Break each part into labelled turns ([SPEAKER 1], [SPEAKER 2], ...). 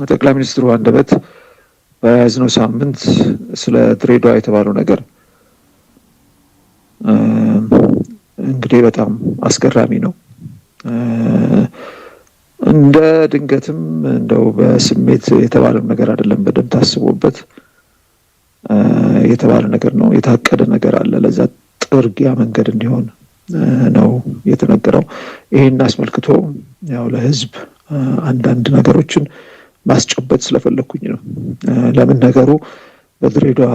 [SPEAKER 1] በጠቅላይ ሚኒስትሩ አንደበት በያዝነው ሳምንት ስለ ድሬዳዋ የተባለው ነገር እንግዲህ በጣም አስገራሚ ነው። እንደ ድንገትም እንደው በስሜት የተባለው ነገር አይደለም። በደንብ ታስቦበት የተባለ ነገር ነው። የታቀደ ነገር አለ። ለዛ ጥርጊያ መንገድ እንዲሆን ነው የተነገረው። ይህን አስመልክቶ ያው ለህዝብ አንዳንድ ነገሮችን ማስጨበጥ ስለፈለግኩኝ ነው። ለምን ነገሩ በድሬዳዋ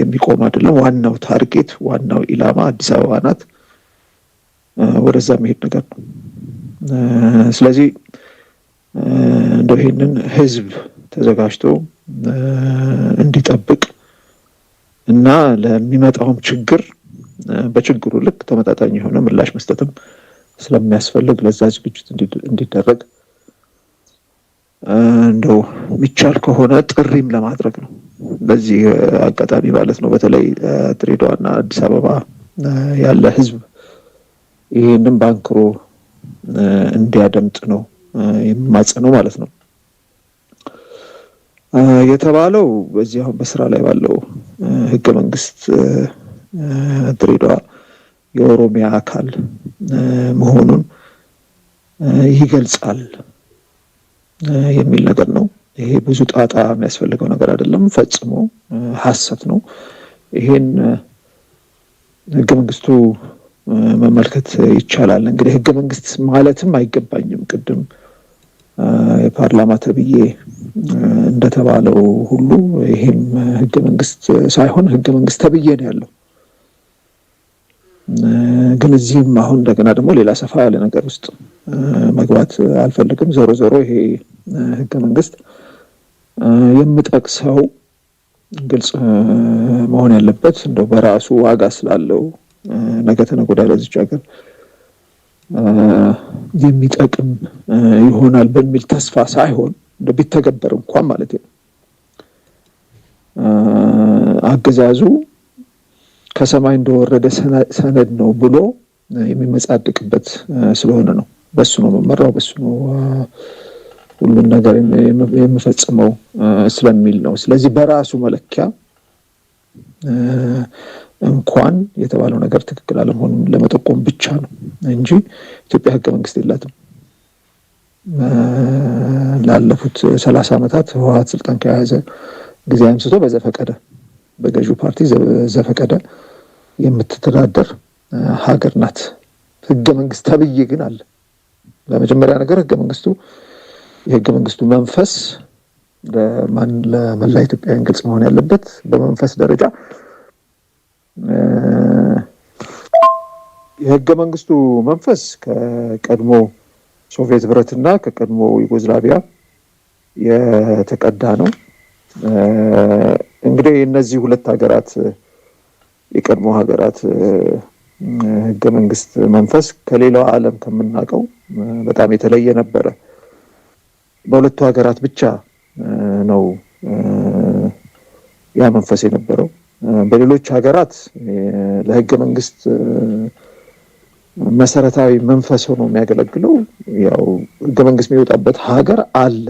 [SPEAKER 1] የሚቆም አይደለም። ዋናው ታርጌት፣ ዋናው ኢላማ አዲስ አበባ ናት። ወደዛ መሄድ ነገር ነው። ስለዚህ እንደው ይሄንን ህዝብ ተዘጋጅቶ እንዲጠብቅ እና ለሚመጣውም ችግር በችግሩ ልክ ተመጣጣኝ የሆነ ምላሽ መስጠትም ስለሚያስፈልግ ለዛ ዝግጅት እንዲደረግ እንደው የሚቻል ከሆነ ጥሪም ለማድረግ ነው። በዚህ አጋጣሚ ማለት ነው በተለይ ድሬዳዋና አዲስ አበባ ያለ ህዝብ ይህንም ባንክሮ እንዲያደምጥ ነው የማጸነው ማለት ነው። የተባለው በዚህ አሁን በስራ ላይ ባለው ህገ መንግስት ድሬዳዋ የኦሮሚያ አካል መሆኑን ይገልጻል። የሚል ነገር ነው። ይሄ ብዙ ጣጣ የሚያስፈልገው ነገር አይደለም፣ ፈጽሞ ሀሰት ነው። ይሄን ህገ መንግስቱ መመልከት ይቻላል። እንግዲህ ህገ መንግስት ማለትም አይገባኝም። ቅድም የፓርላማ ተብዬ እንደተባለው ሁሉ ይሄም ህገ መንግስት ሳይሆን ህገ መንግስት ተብዬ ነው ያለው። ግን እዚህም አሁን እንደገና ደግሞ ሌላ ሰፋ ያለ ነገር ውስጥ መግባት አልፈልግም። ዞሮ ዞሮ ይሄ ህገ መንግስት የምጠቅሰው ግልጽ መሆን ያለበት እንደው በራሱ ዋጋ ስላለው ነገ ተነጎዳ ለዚች ሀገር የሚጠቅም ይሆናል በሚል ተስፋ ሳይሆን እንደ ቢተገበር እንኳን ማለት ነው አገዛዙ ከሰማይ እንደወረደ ሰነድ ነው ብሎ የሚመጻድቅበት ስለሆነ ነው። በሱ ነው መመራው፣ በሱ ነው ሁሉን ነገር የምፈጽመው ስለሚል ነው። ስለዚህ በራሱ መለኪያ እንኳን የተባለው ነገር ትክክል አለመሆኑን ለመጠቆም ብቻ ነው እንጂ ኢትዮጵያ ሕገ መንግስት የላትም። ላለፉት ሰላሳ ዓመታት ህወሀት ስልጣን ከያዘ ጊዜ አንስቶ በዘፈቀደ በገዢው ፓርቲ ዘፈቀደ የምትተዳደር ሀገር ናት። ህገ መንግስት ተብዬ ግን አለ። ለመጀመሪያ ነገር ህገ መንግስቱ የህገ መንግስቱ መንፈስ ለመላ ኢትዮጵያውያን ግልጽ መሆን ያለበት በመንፈስ ደረጃ የህገ መንግስቱ መንፈስ ከቀድሞ ሶቪየት ህብረትና ከቀድሞ ዩጎዝላቪያ የተቀዳ ነው። እንግዲህ እነዚህ ሁለት ሀገራት የቀድሞ ሀገራት ህገ መንግስት መንፈስ ከሌላው ዓለም ከምናውቀው በጣም የተለየ ነበረ። በሁለቱ ሀገራት ብቻ ነው ያ መንፈስ የነበረው። በሌሎች ሀገራት ለህገ መንግስት መሰረታዊ መንፈስ ሆኖ የሚያገለግለው ያው ህገ መንግስት የሚወጣበት ሀገር አለ።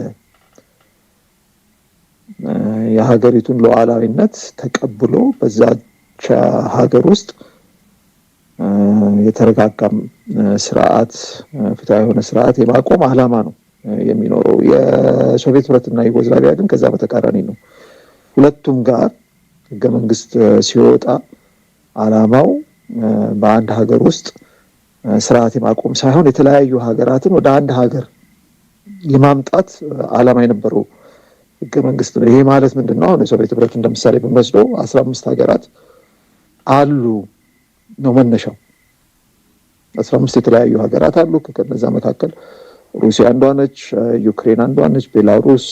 [SPEAKER 1] የሀገሪቱን ሉዓላዊነት ተቀብሎ በዛ ሀገር ውስጥ የተረጋጋም ስርዓት ፍትሃዊ የሆነ ስርዓት የማቆም አላማ ነው የሚኖረው። የሶቪየት ህብረትና ዩጎዝላቪያ ግን ከዛ በተቃራኒ ነው። ሁለቱም ጋር ህገ መንግስት ሲወጣ አላማው በአንድ ሀገር ውስጥ ስርዓት የማቆም ሳይሆን የተለያዩ ሀገራትን ወደ አንድ ሀገር የማምጣት አላማ የነበረው ህገ መንግስት ነው። ይሄ ማለት ምንድን ነው? አሁን የሶቪየት ህብረት እንደምሳሌ ብንወስደው አስራ አምስት ሀገራት አሉ ነው መነሻው። አስራ አምስት የተለያዩ ሀገራት አሉ። ከነዛ መካከል ሩሲያ አንዷ ነች፣ ዩክሬን አንዷ ነች፣ ቤላሩስ፣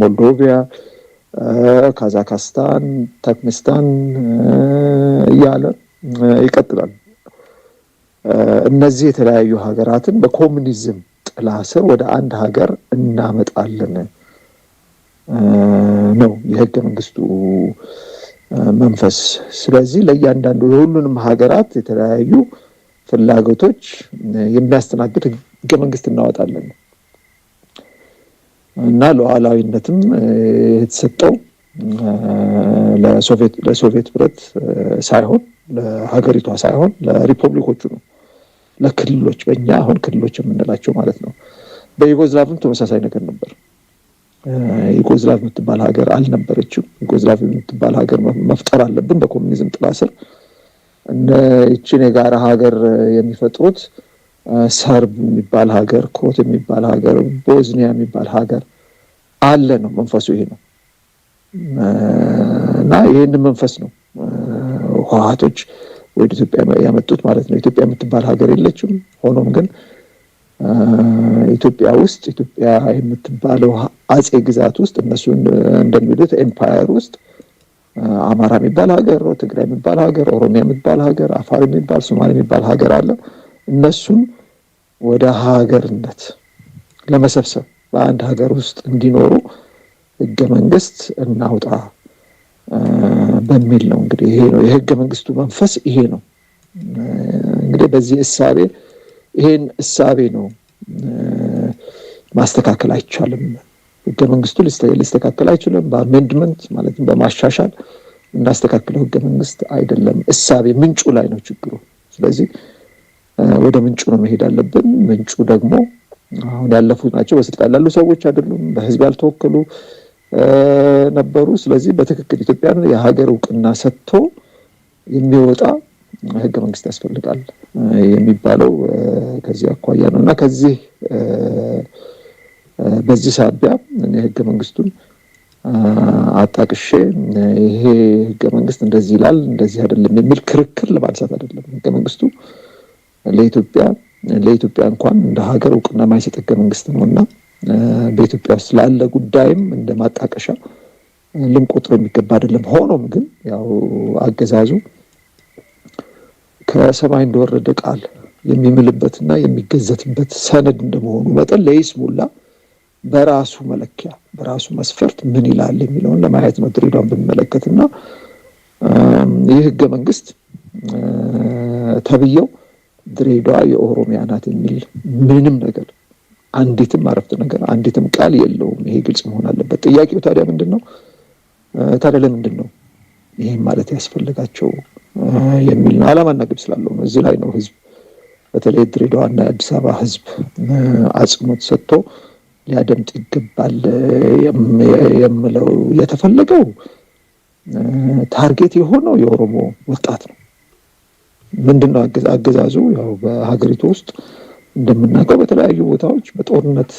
[SPEAKER 1] ሞልዶቪያ፣ ካዛክስታን፣ ተክሚስታን እያለ ይቀጥላል። እነዚህ የተለያዩ ሀገራትን በኮሚኒዝም ጥላ ስር ወደ አንድ ሀገር እናመጣለን ነው የህገ መንግስቱ መንፈስ። ስለዚህ ለእያንዳንዱ የሁሉንም ሀገራት የተለያዩ ፍላጎቶች የሚያስተናግድ ህገ መንግስት እናወጣለን እና ሉዓላዊነትም የተሰጠው ለሶቪየት ህብረት ሳይሆን ለሀገሪቷ ሳይሆን ለሪፐብሊኮቹ ነው፣ ለክልሎች በእኛ አሁን ክልሎች የምንላቸው ማለት ነው። በዩጎዝላቭም ተመሳሳይ ነገር ነበር። ዩጎዝላቭ የምትባል ሀገር አልነበረችም። ዩጎዝላቭ የምትባል ሀገር መፍጠር አለብን በኮሚኒዝም ጥላ ስር። እነ ይችን የጋራ ሀገር የሚፈጥሩት ሰርብ የሚባል ሀገር፣ ኮት የሚባል ሀገር፣ ቦዝኒያ የሚባል ሀገር አለ ነው መንፈሱ። ይሄ ነው እና ይህን መንፈስ ነው ህወሀቶች ወደ ኢትዮጵያ ያመጡት ማለት ነው። ኢትዮጵያ የምትባል ሀገር የለችም። ሆኖም ግን ኢትዮጵያ ውስጥ ኢትዮጵያ የምትባለው አጼ ግዛት ውስጥ እነሱን እንደሚሉት ኤምፓየር ውስጥ አማራ የሚባል ሀገር፣ ትግራይ የሚባል ሀገር፣ ኦሮሚያ የሚባል ሀገር፣ አፋር የሚባል ሶማሌ የሚባል ሀገር አለ። እነሱን ወደ ሀገርነት ለመሰብሰብ በአንድ ሀገር ውስጥ እንዲኖሩ ህገ መንግስት እናውጣ በሚል ነው። እንግዲህ ይሄ ነው የህገ መንግስቱ መንፈስ፣ ይሄ ነው እንግዲህ በዚህ እሳቤ ይሄን እሳቤ ነው ማስተካከል አይቻልም። ህገ መንግስቱ ሊስተካከል አይችልም። በአሜንድመንት ማለት በማሻሻል እናስተካክለው ህገ መንግስት አይደለም። እሳቤ ምንጩ ላይ ነው ችግሩ። ስለዚህ ወደ ምንጩ ነው መሄድ አለብን። ምንጩ ደግሞ አሁን ያለፉት ናቸው። በስልጣን ላሉ ሰዎች አይደሉም። በህዝብ ያልተወከሉ ነበሩ። ስለዚህ በትክክል ኢትዮጵያን የሀገር እውቅና ሰጥቶ የሚወጣ ህገ መንግስት ያስፈልጋል የሚባለው ከዚህ አኳያ ነው እና ከዚህ በዚህ ሳቢያ እኔ ህገ መንግስቱን አጣቅሼ ይሄ ህገ መንግስት እንደዚህ ይላል እንደዚህ አይደለም የሚል ክርክር ለማንሳት አይደለም። ህገ መንግስቱ ለኢትዮጵያ ለኢትዮጵያ እንኳን እንደ ሀገር እውቅና ማይሰጥ ህገ መንግስት ነው እና በኢትዮጵያ ውስጥ ላለ ጉዳይም እንደ ማጣቀሻ ልንቆጥሮ የሚገባ አይደለም። ሆኖም ግን ያው አገዛዙ ከሰማይ እንደወረደ ቃል የሚምልበትና የሚገዘትበት ሰነድ እንደመሆኑ መጠን ለይስሙላ በራሱ መለኪያ በራሱ መስፈርት ምን ይላል የሚለውን ለማየት ነው ድሬዳዋን ብንመለከትና ይህ ህገ መንግስት ተብየው ድሬዳዋ የኦሮሚያ ናት የሚል ምንም ነገር አንዲትም አረፍት ነገር አንዲትም ቃል የለውም። ይሄ ግልጽ መሆን አለበት። ጥያቄው ታዲያ ምንድን ነው? ታዲያ ለምንድን ነው ይህም ማለት ያስፈልጋቸው? የሚል ነው። ዓላማና ግብ ስላለው ነው። እዚህ ላይ ነው ህዝብ በተለይ ድሬዳዋና የአዲስ አበባ ህዝብ አጽንኦት ሰጥቶ ሊያደምጥ ይገባል የምለው። የተፈለገው ታርጌት የሆነው የኦሮሞ ወጣት ነው። ምንድነው አገዛዙ ያው በሀገሪቱ ውስጥ እንደምናውቀው በተለያዩ ቦታዎች በጦርነት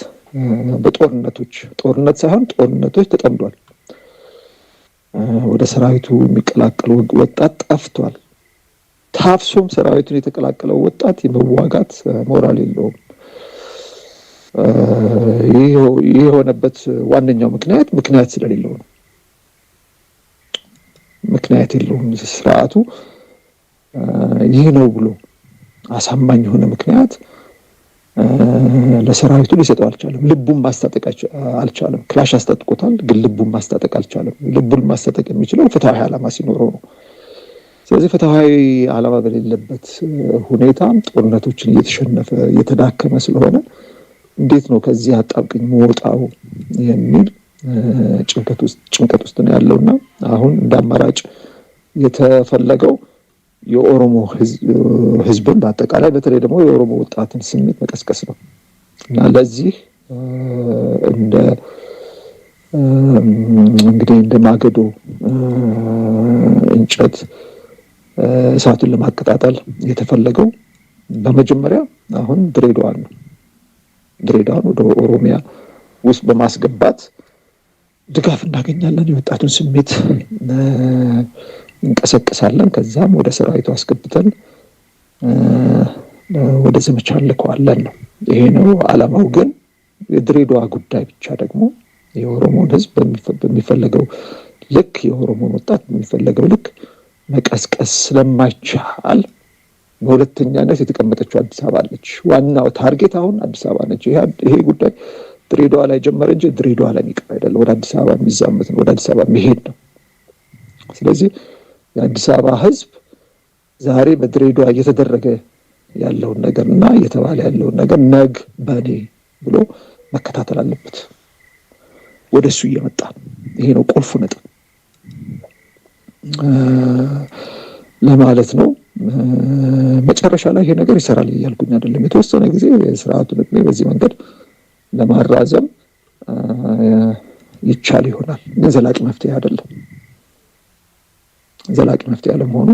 [SPEAKER 1] በጦርነቶች ጦርነት ሳይሆን ጦርነቶች ተጠምዷል። ወደ ሰራዊቱ የሚቀላቀል ወጣት ጠፍቷል። ታፍሶም ሰራዊቱን የተቀላቀለው ወጣት የመዋጋት ሞራል የለውም። ይህ የሆነበት ዋነኛው ምክንያት ምክንያት ስለሌለው ነው። ምክንያት የለውም። ስርዓቱ ይህ ነው ብሎ አሳማኝ የሆነ ምክንያት ለሰራዊቱ ሊሰጠው አልቻለም። ልቡን ማስታጠቅ አልቻለም። ክላሽ አስታጥቆታል፣ ግን ልቡን ማስታጠቅ አልቻለም። ልቡን ማስታጠቅ የሚችለው ፍትሐዊ ዓላማ ሲኖረው ነው። ስለዚህ ፍትሐዊ ዓላማ በሌለበት ሁኔታ ጦርነቶችን እየተሸነፈ እየተዳከመ ስለሆነ እንዴት ነው ከዚህ አጣብቅኝ መወጣው የሚል ጭንቀት ውስጥ ነው ያለውና አሁን እንደ አማራጭ የተፈለገው የኦሮሞ ህዝብን በአጠቃላይ በተለይ ደግሞ የኦሮሞ ወጣትን ስሜት መቀስቀስ ነው እና ለዚህ እንደ እንግዲህ እንደ ማገዶ እንጨት እሳቱን ለማቀጣጠል የተፈለገው በመጀመሪያ አሁን ድሬዳዋን ነው። ድሬዳዋን ወደ ኦሮሚያ ውስጥ በማስገባት ድጋፍ እናገኛለን። የወጣቱን ስሜት እንቀሰቅሳለን። ከዛም ወደ ሰራዊቱ አስገብተን ወደ ዘመቻ እንልከዋለን ነው። ይሄ ነው አላማው። ግን የድሬዳዋ ጉዳይ ብቻ ደግሞ የኦሮሞን ህዝብ በሚፈለገው ልክ የኦሮሞን ወጣት በሚፈለገው ልክ መቀስቀስ ስለማይቻል በሁለተኛነት የተቀመጠችው አዲስ አበባ ለች። ዋናው ታርጌት አሁን አዲስ አበባ ነች። ይሄ ጉዳይ ድሬዳዋ ላይ ጀመረ እንጂ ድሬዳዋ ላይ የሚቀር አይደለም። ወደ አዲስ አበባ የሚዛመት ነው። ወደ አዲስ አበባ መሄድ ነው። ስለዚህ የአዲስ አበባ ህዝብ ዛሬ በድሬዳ እየተደረገ ያለውን ነገር እና እየተባለ ያለውን ነገር ነግ በኔ ብሎ መከታተል አለበት። ወደ እሱ እየመጣ ይሄ ነው ቁልፉ ነጥብ ለማለት ነው። መጨረሻ ላይ ይሄ ነገር ይሰራል እያልኩኝ አይደለም። የተወሰነ ጊዜ ስርዓቱን ዕድሜ በዚህ መንገድ ለማራዘም ይቻል ይሆናል፣ ግን ዘላቂ መፍትሄ አይደለም። ዘላቂ መፍትሄ አለመሆኑ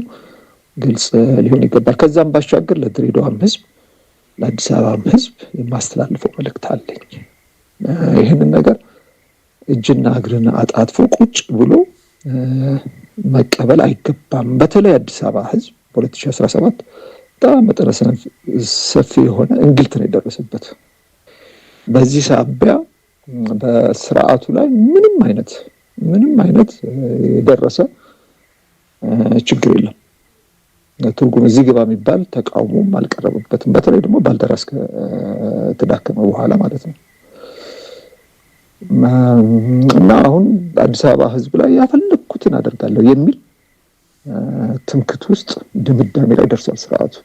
[SPEAKER 1] ግልጽ ሊሆን ይገባል። ከዛም ባሻገር ለድሬዳዋም ህዝብ ለአዲስ አበባም ህዝብ የማስተላልፈው መልእክት አለኝ። ይህንን ነገር እጅና እግርን አጣጥፎ ቁጭ ብሎ መቀበል አይገባም። በተለይ አዲስ አበባ ህዝብ በ2017 በጣም መጠነ ሰፊ የሆነ እንግልት ነው የደረሰበት። በዚህ ሳቢያ በስርዓቱ ላይ ምንም አይነት ምንም አይነት የደረሰ ችግር የለም። ትርጉም እዚህ ግባ የሚባል ተቃውሞም አልቀረበበትም። በተለይ ደግሞ ባልደራስ ከተዳከመ በኋላ ማለት ነው እና አሁን አዲስ አበባ ሕዝብ ላይ ያፈለግኩትን አደርጋለሁ የሚል ትምክት ውስጥ ድምዳሜ ላይ ደርሷል ስርዓቱ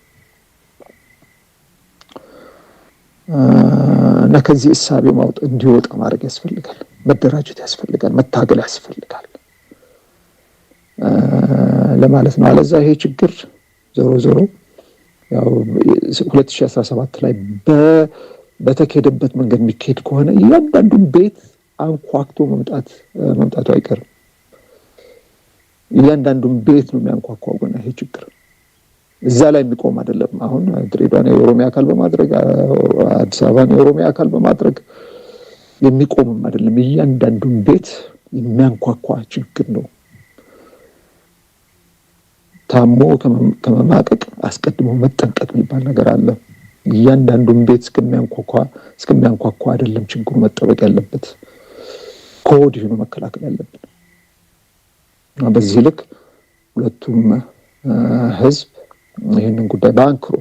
[SPEAKER 1] እና ከዚህ እሳቤ ማውጥ እንዲወጣ ማድረግ ያስፈልጋል። መደራጀት ያስፈልጋል። መታገል ያስፈልጋል። ለማለት ነው። አለዛ ይሄ ችግር ዞሮ ዞሮ 2017 ላይ በተካሄደበት መንገድ የሚካሄድ ከሆነ እያንዳንዱን ቤት አንኳክቶ መምጣት መምጣቱ አይቀርም። እያንዳንዱን ቤት ነው የሚያንኳኳው። ግን ይሄ ችግር እዛ ላይ የሚቆም አይደለም። አሁን ድሬዳዋን የኦሮሚያ አካል በማድረግ አዲስ አበባን የኦሮሚያ አካል በማድረግ የሚቆምም አይደለም። እያንዳንዱን ቤት የሚያንኳኳ ችግር ነው ታሞ ከመማቀቅ አስቀድሞ መጠንቀቅ የሚባል ነገር አለ። እያንዳንዱን ቤት እስከሚያንኳኳ እስከሚያንኳኳ አይደለም ችግሩ መጠበቅ ያለበት ከወዲሁ መከላከል ያለብን። በዚህ ልክ ሁለቱም ህዝብ ይህንን ጉዳይ በአንክሮ